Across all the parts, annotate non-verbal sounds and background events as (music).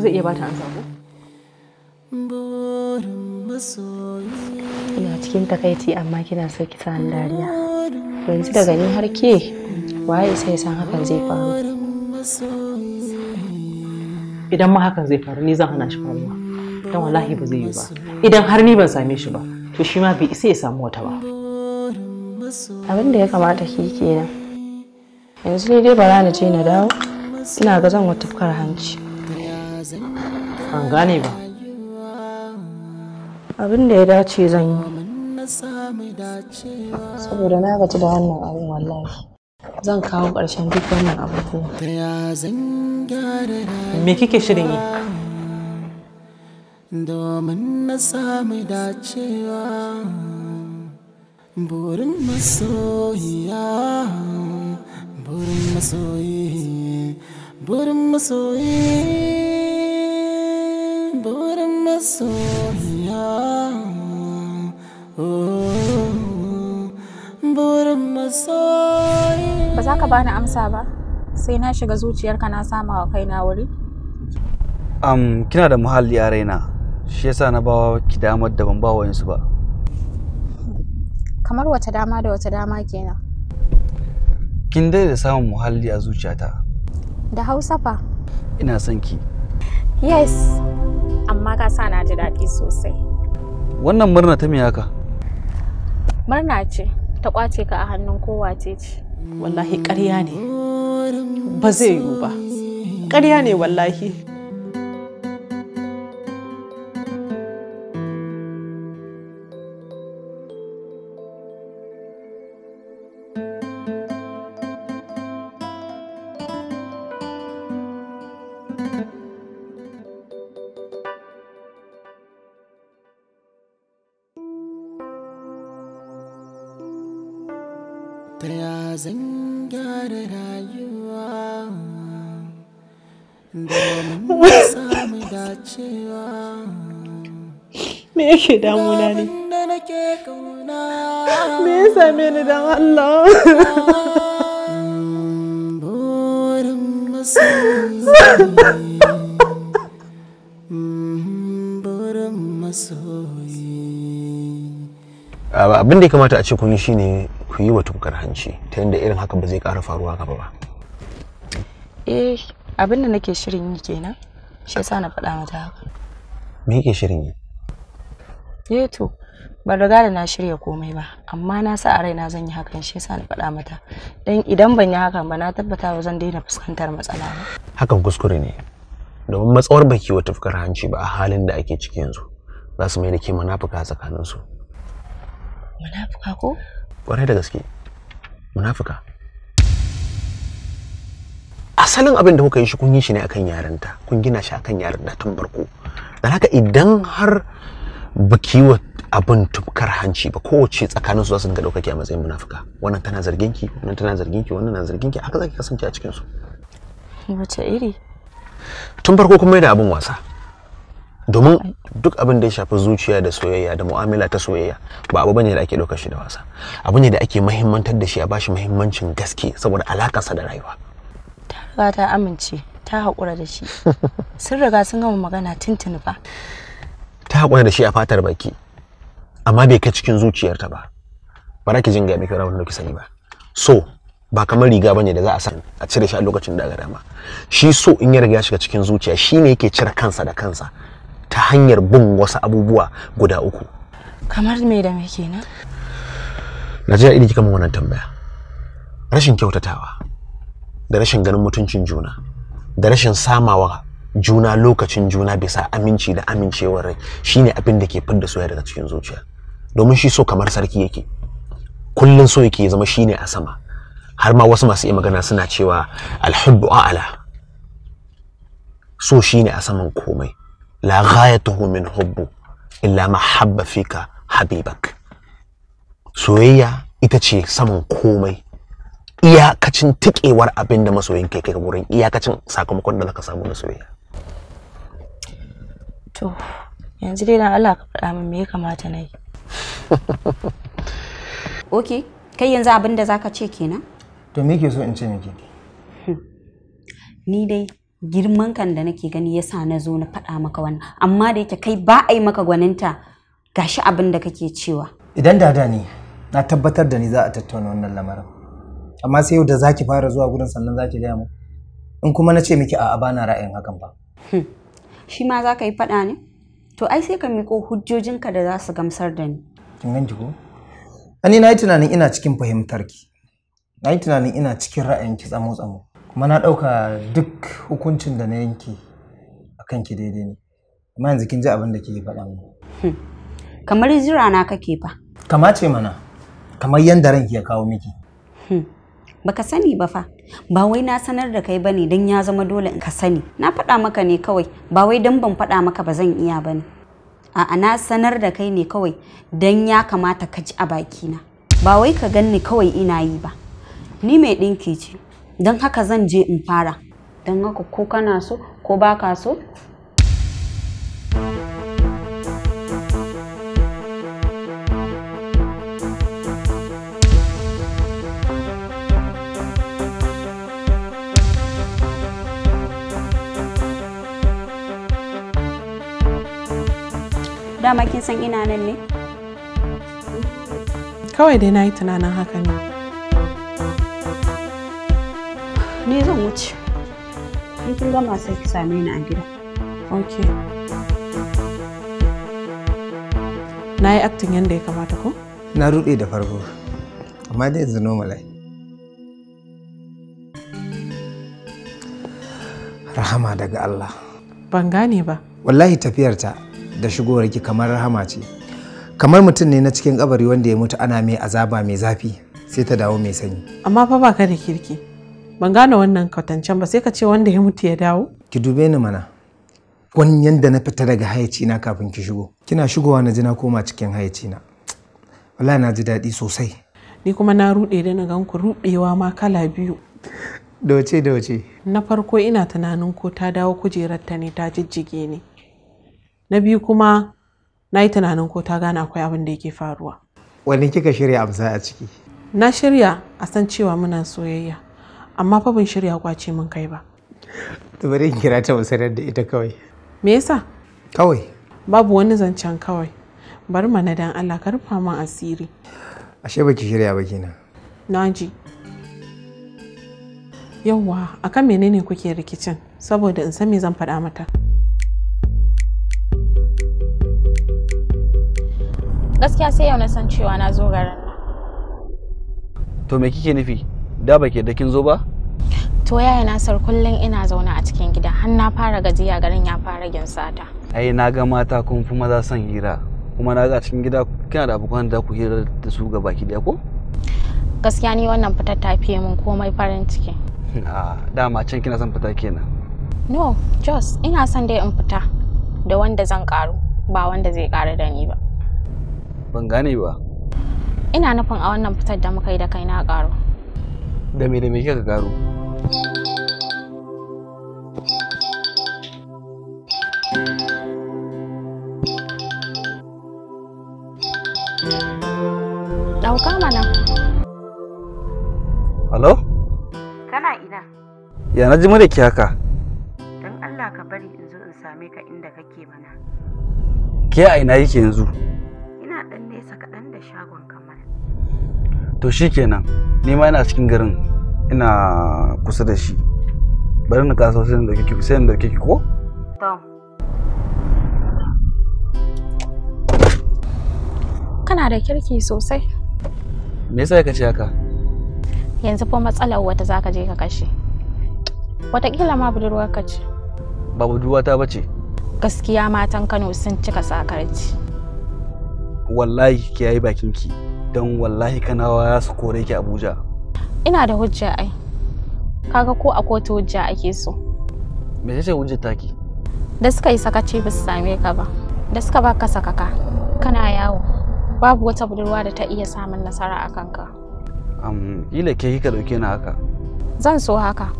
zai iya bata ansa ko ina cikin takaici amma kina so ki san dariya yanzu daga ni har ke waye sai san hakan zai faru idan ma hakan zai faru ni zan hana shi faruwa dan wallahi ba zai yi ba idan har ni ban same shi ba to shi ma bai isa ya samu wata ba abin da ya kamata ki kenan yanzu ne dai bara na je na dawo ina ga zan wata hanci Ban gane ba. Abin da ya dace zan yi. Saboda na gaci da wannan abin wallahi. Zan kawo ƙarshen duk wannan abubuwa. Me kike shirin yi? Domin na samu dacewa burin masoyiya burin masoyi burin masoyi burin masoya oh, burin masoya ba za ka bani amsa ba sai na shiga zuciyarka na sama wa kaina wuri um, kina da muhalli a raina shi yasa na bawa ki damar da ban ba wa ba kamar wata dama da wata dama kenan kin dai da samun muhalli a zuciyata da hausa fa ina son ki yes amma ka sa na ji daɗi sosai wannan murna ta me haka murna ce ta kwace ka a hannun kowa ce ce wallahi ƙarya ne ba zai yiwu ba ƙarya ne wallahi me yake damuna ne me ya same ni don Allah abin da ya kamata a ce kuni shi shine ku yi wa tukar hanci ta yadda irin haka ba zai ƙara faruwa gaba ba eh abin da nake shirin yi kenan shi yasa na faɗa mata haka me yake shirin yi eh to ban riga da na shirya komai ba amma na sa a na zan yi hakan shi yasa na faɗa mata dan idan ban yi hakan ba na tabbata ba zan daina fuskantar matsala ba hakan kuskure ne domin matsawar baki wata fukar hanci ba a halin da ake ciki yanzu za su mai da ke munafuka tsakanin su munafuka ko kwarai da gaske munafuka asalin abin da kuka yi shi kun yi shi ne akan yaranta kun gina shi akan yaranta tun barko dan haka idan har baki wa abin tufkar hanci ba kowace tsakanin su za su dinga ɗaukaki a matsayin munafuka wannan tana zargin ki wannan tana zargin ki wannan na zargin ki haka zaki kasance a cikin su wace iri tun farko kuma da abin wasa domin duk abin da ya shafi zuciya da soyayya da mu'amala ta soyayya ba abu bane da ake ɗaukar shi da wasa abu ne da ake mahimmantar da shi a bashi mahimmancin gaske saboda alakarsa da rayuwa ta riga ta amince ta haƙura da shi (laughs) sun riga sun gama magana tuntuni fa ta haƙura da shi a fatar baki amma bai kai cikin zuciyarta ba ba za ki jin gami kira wanda ki sani ba so ba kamar riga bane da za a san a cire shi a lokacin da dama shi so in ya riga ya shiga cikin zuciya shi ne yake cire kansa da kansa ta hanyar bin wasu abubuwa guda uku kamar me da me kenan ji idan kika mun wannan tambaya rashin kyautatawa da rashin ganin mutuncin juna da rashin samawa juna lokacin juna bisa aminci da amincewar rai shine abin da ke fidda soyayya daga cikin zuciya domin shi so kamar sarki yake kullun so yake zama shine a sama har ma wasu masu yi magana suna cewa alhubbu a'la so shine a saman komai la ghayatuhu min hubbu illa mahabba fika habibak soyayya ita ce saman komai iyakacin tikewar abinda masoyin kai kai wurin iyakacin sakamakon da zaka samu na soyayya To, yanzu dai dan Allah ka faɗa min me ya kamata na yi. (laughs) Ok, kai yanzu abin da zaka ce kenan? To me ke so in ce miki? Ni dai girman kan da nake gani yasa na zo na faɗa maka wannan amma da yake kai ba a yi maka gwaninta gashi abin da kake cewa. Idan dada da ni na tabbatar da ni za a tattauna wannan lamarin. Amma sai yau da zaki fara zuwa gurin sannan zaki gaya mu. In kuma na ce miki a'a bana ra'ayin hakan ba. Hmm. shi ma za ka yi faɗa ne to ai sai ka miƙo hujjojinka da za su gamsar da ni kin ganki ko ani na yi tunanin ina cikin fahimtar ki na yi tunanin ina cikin ra'ayin ki tsamo tsamo kuma na ɗauka duk hukuncin da na yanke a kan ki daidai ne amma yanzu kin ji abin da ke faɗa mu hmm. kamar jira na kake fa kamace mana kamar yanda ranki ya kawo miki hmm. baka sani ba fa ba wai na sanar da kai bane dan ya zama dole in ka sani na faɗa maka ne kawai ba wai dan ban faɗa maka ba zan iya bane a'a na sanar da kai ne kawai dan ya kamata ka ji a baki na, ba wai ka ganni kawai ina yi ba ni mai ɗinki ce don haka zan je in fara don haka ko kana so ko baka so dama kin san ina nan ne kawai dai na yi tunanin haka ne ni zan wuce Ni kin gama sai ki same ni a gida ok na yi aktin yadda ya kamata ko na ruɗe da farko amma dai yanzu normal rahama daga Allah ban gane ba wallahi tafiyarta da shigowarki kamar rahama ce kamar mutum ne na cikin kabari wanda ya mutu ana mai azaba mai zafi sai ta dawo mai sanyi amma fa baka da kirki ban gane wannan kwatancen ba sai ka ce wanda ya mutu ya dawo ki dube ni mana wani yanda na fita daga hayaci na kafin ki shigo kina shigowa na ji na koma cikin hayaci na wallahi na ji daɗi sosai ni kuma na ruɗe da na gan ku ruɗewa ma kala biyu dauce dauce na farko ina tunanin ko ta dawo kujerar ta ne ta jijjige ni na biyu kuma na yi tunanin ko ta gane akwai abin da yake faruwa wani kika shirya amsa a ciki na shirya a san cewa muna soyayya amma fa ban shirya kwace mun kai ba bari in kira ta sanar da ita kawai me yasa kawai babu wani zancen kawai bari mana dan Allah ka rufa min asiri ashe baki shirya ba kenan ji. yawwa akan menene kuke rikicin saboda in san me zan faɗa mata gaskiya sai yau na san cewa na zo garin nan to me kike nufi da ba ke da kin zo ba to yaya sar kullun ina zaune a cikin gida har na fara gajiya garin ya fara ginsata ai na ga mata kun fi maza son hira kuma na ga a cikin gida kina da abokan da ku hira da su ga baki daya ko gaskiya ni wannan fitar ta fiye min komai farin ciki a dama can kina son fita kenan no jos ina son dai in fita da wanda zan karu ba wanda zai karu da ni ba Ban gane ba. Ina nufin a wannan fitar da muka yi da kai na karo Da me da me kika karo Ɗauka mana. Halo? Kana ina? Ya na ji mu da haka. dan Allah ka bari in zo in same ka inda kake mana. Ke a ina yake yanzu? to shi kenan, ni ma ina cikin garin ina kusa da shi bari na kasa sai da dauke ki sai da kike ko ko kana da kirki sosai me yasa ka ce haka yanzu fa matsalar wata zaka je ka kashe Wataƙila ma budurwa ka ce ba budurwa ba ce gaskiya matan kano sun cika sakarci wallahi ki yayi bakinki don wallahi kanawa ya su kore ki abuja ina da hujja ai kaga ko a kotu hujja ake so me ce hujja taki da suka yi sakaci ba su same ka ba da suka baka sakaka kana yawo babu wata budurwa da ta iya samun nasara a kanka um, ila ke kika dauke ni haka zan so haka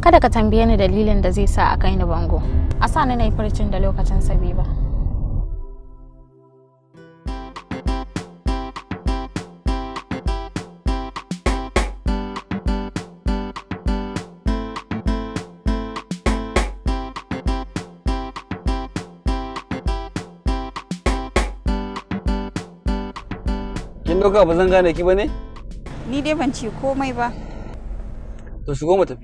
kada ka tambaye ni dalilin da zai sa a kai ni bango a sa ni na yi farcin da lokacin sabi ba doka ba zan gane ki ba ne? Ni dai ban ce komai ba. To shigo mu tafi.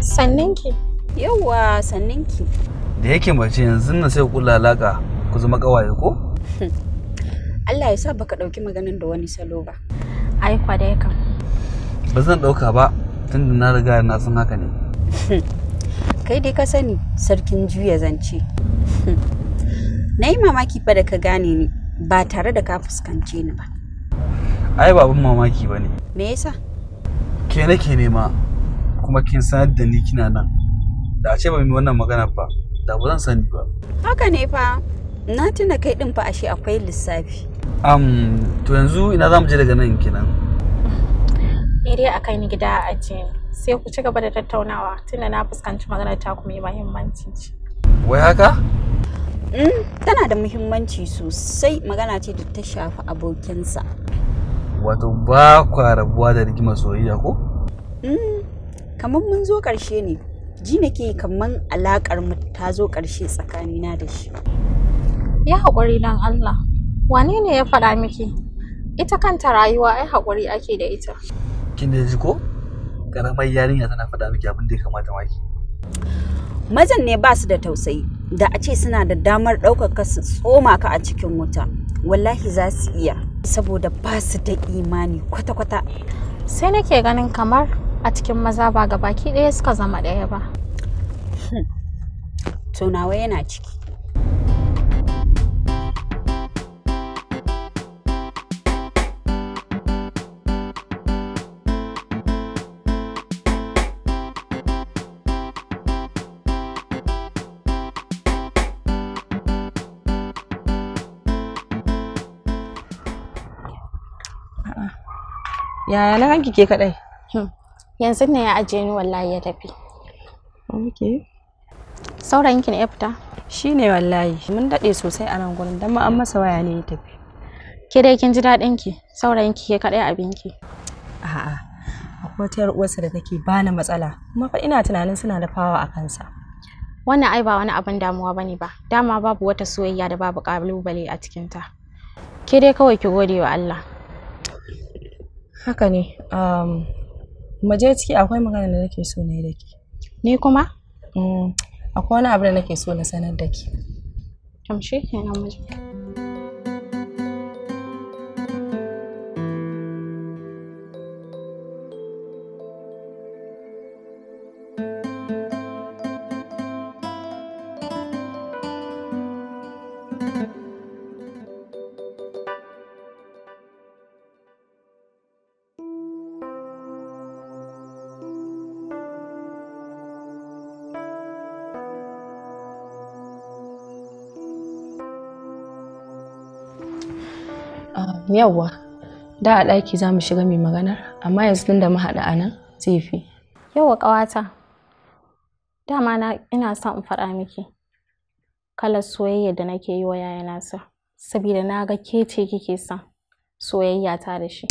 Sanninki. Yawwa sanninki. Da yake mace yanzu na sai ku lalaka ku zama kawaye ko? (laughs) Allah ya sa baka ɗauki maganin da wani salo ba. Ai kwa dai kam. ba zan ɗauka ba tunda na riga na san haka ne (laughs) kai dai ka sani sarkin juya zance (laughs) na yi mamaki fa da ka gane ni ba tare da ka fuskance ni ba ai abin mamaki ba ne me yasa ke nake nema kuma kin sanar da ni kina nan da a ce ba mu wannan magana ba da ba zan sani ba haka ne fa na tuna kai din fa ashe akwai lissafi am to yanzu ina za mu je daga nan kinan dai a kai ni gida a ajiye sai ku ci gaba da tattaunawa tunda na fuskanci magana ta ku mai muhimmanci Wai haka? Mm, tana da muhimmanci sosai magana ce da ta shafi abokinsa. Wato ba ku rabuwa da rigimar soyayya ko? Mm, kamar mun zo ƙarshe ne, ji nake kamar alaƙar mu ta zo ƙarshe tsakanina da shi. Ya haƙuri don Allah, wane ne ya faɗa miki? Ita kanta rayuwa ai haƙuri ake da ita. kin ji ko yarinya tana faɗa miki abin da ya kamata maki mazan ne ba su da tausayi da a ce suna da damar ɗaukaka su tsoma ka a cikin wuta wallahi za su iya saboda ba su da imani kwata-kwata sai nake ganin kamar a cikin maza ba gabaki baki ɗaya suka zama ɗaya ba hmm. tunawa yana ciki Yaya na hanki ke kaɗai? Hmm. Yanzu ne ya ajiye ni wallahi ya tafi. Ok. Sauran ya fita? Shi ne wallahi. Mun daɗe sosai a nan gurin don ma an masa waya ne ya tafi. Ke dai kin ji daɗin ki? Saurayin ke kaɗai abin ki? A'a. Akwai wata 'yar uwarsa da take bani matsala. Kuma fa ina tunanin suna da fawa a kansa. Wannan ai ba wani abin damuwa bane ba. Dama babu wata soyayya da babu kalubale a cikinta. Ke dai kawai ki gode wa Allah. haka ne um, maje ciki akwai magana da nake so na yi da ke ni kuma mm, akwai wani abu da nake so na sanar da ke tamshe kenan Ah, yawwa da a ɗaki za mu shiga mai magana, amma yanzu tun da mu haɗa a nan zai fi yawwa ƙawata dama na ina son in faɗa miki kalar soyayya da nake yi wa yaya nasa saboda na ga ke ce kike son soyayya ta da shi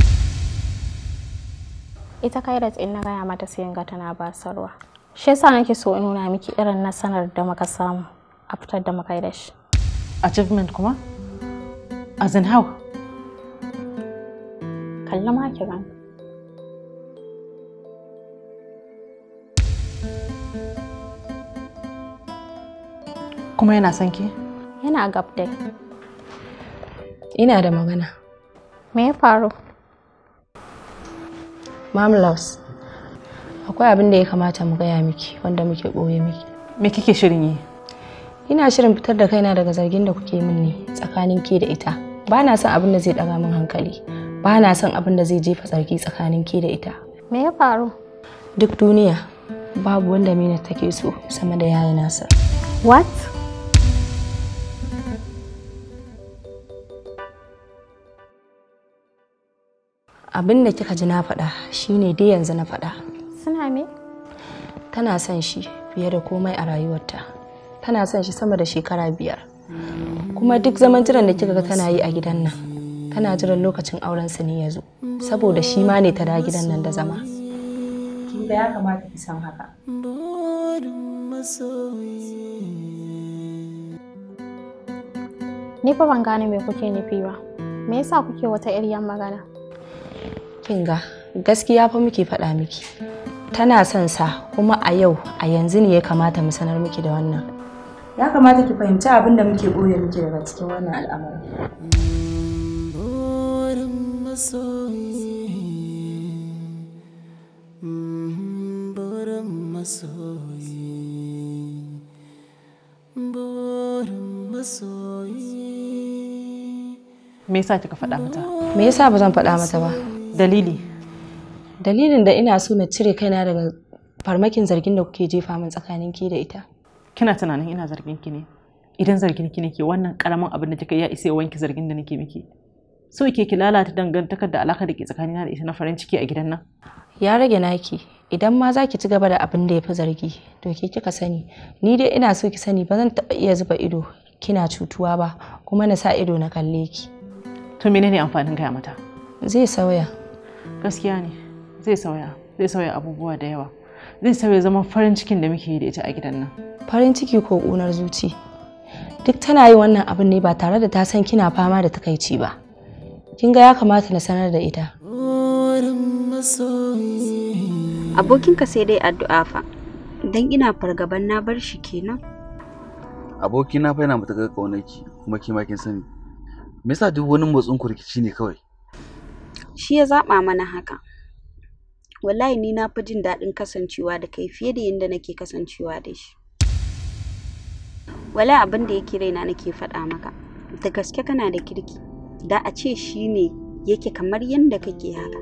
ita kairat in na gaya mata sai ga tana basarwa shi yasa nake so in nuna miki irin na sanar da muka samu a fitar da muka yi da shi achievement kuma as in how kalla ma kiran kuma yana son ki yana gab ina da magana me ya faru Mom Akwai abin da ya kamata mu gaya miki wanda muke ɓoye miki. Me kike shirin yi? Ina shirin fitar da kaina daga zargin da kuke min ne tsakanin ke da ita. Ba na son abin da zai ɗaga min hankali. Ba na son abin da zai jefa zargi tsakanin ke da ita. Me ya faru? Duk duniya babu wanda Mina take so sama da yayi nasa. What? abin da kika ji na faɗa shine dai yanzu na faɗa suna me tana son shi fiye da komai a rayuwarta tana son shi sama da shekara biyar kuma duk zaman jiran da kika ga tana yi a gidan nan tana jiran lokacin auren su ne ya zo saboda shi ma ne ta da gidan nan da zama kin ga ya kamata ki san haka ni fa ban gane me kuke nufi ba me yasa kuke wata 'yan magana kin gaskiya fa muke faɗa miki tana son sa kuma a yau a yanzu ne ya kamata mu sanar miki da wannan ya kamata ki fahimci abin da muke ɓoye miki daga cikin wannan al'amari Me yasa kika faɗa mata? Me yasa ba zan faɗa mata ba? Dalili. Dalilin da ina so na cire kaina daga farmakin zargin da kuke jefa min tsakanin ki da ita. Kina tunanin ina zargin ki ne? Idan zargin ki nake wannan karamin abin da kika ya isa wanki zargin da nake miki. So ke ki lalata dangantakar da alaka da ke tsakanina da ita na farin ciki a gidan nan? Ya rage naki. Idan ma za ki ci gaba da abin da ya fi zargi, to ke kika sani. Ni dai ina so ki sani ba zan taɓa iya zuba ido kina cutuwa ba kuma na sa ido na kalle ki. To menene amfanin gaya mata? Zai sauya. gaskiya ne zai sauya zai sauya abubuwa da yawa zai sauya zaman farin cikin da muke yi da ita a gidan nan farin ciki ko ƙunar zuci duk tana yi wannan abin ne ba tare da ta san kina fama da takaici ba kin ga ya kamata na sanar da ita abokinka sai dai addu'a fa dan ina fargaban na bar shi kenan abokina fa yana matuƙar kaunaki kuma kima kin sani me yasa duk wani motsin kurkici ne kawai shi ya zaɓa mana haka wallahi ni na fi jin daɗin kasancewa da kai fiye da yadda nake kasancewa da shi Wala abin da yake raina nake faɗa maka da gaske kana da kirki da a ce shi ne yake kamar yadda kake haka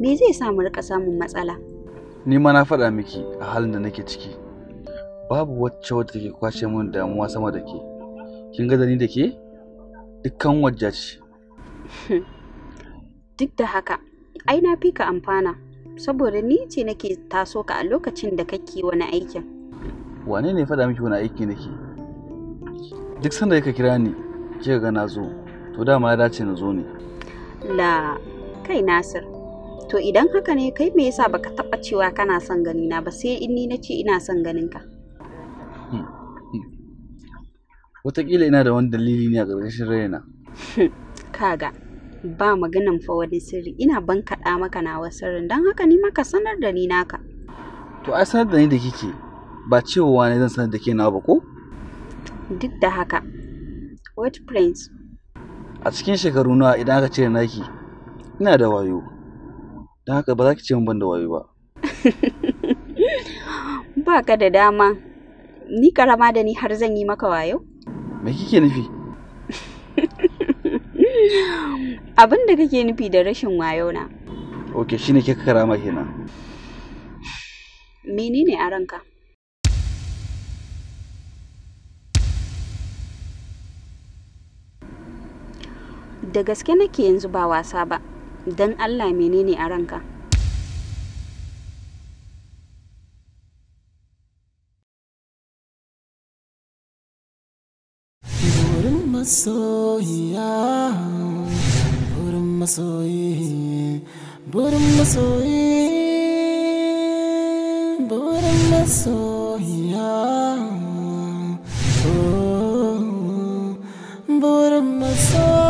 me zai sa mu rika samun matsala ni ma na faɗa miki a halin da nake ciki babu wacce wadda take kwashe min damuwa sama da ke kin ga da ni da ke dukkan wajja ce (laughs) duk da haka ai na fi ka amfana saboda ni ce nake taso ka a lokacin da kake wani aikin wane ne faɗa miki wani aiki nake duk sanda kika kira ni kika ga na zo to dama ya dace na zo ne la kai nasir to idan haka ne kai me yasa baka taba cewa kana son gani na ba sai in ni nace ina son ganin ka hmm, hmm. wataƙila ina da wani dalili ne a ƙarƙashin raina (laughs) kaga ba maganan fa wani sirri ina ban kaɗa maka nawa sirrin don haka ni maka sanar da ni naka to ai sanar da ni da kike ba cewa ne zan sanar da ke na ba ko duk da haka what prince a cikin shekaru na, idan aka cire naki ina da wayo don haka ba za ki ce min ban da wayo ba (laughs) ba ka da dama ni karama da ni har zan yi maka wayo me kike nufi (laughs) abin da kake nufi da rashin wayo na ok shine ke na. kenan ne a ranka da gaske nake yanzu ba wasa ba don allah menene a ranka masoyi burin masoyi burin masoyiya oh, burin masoyi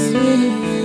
sweet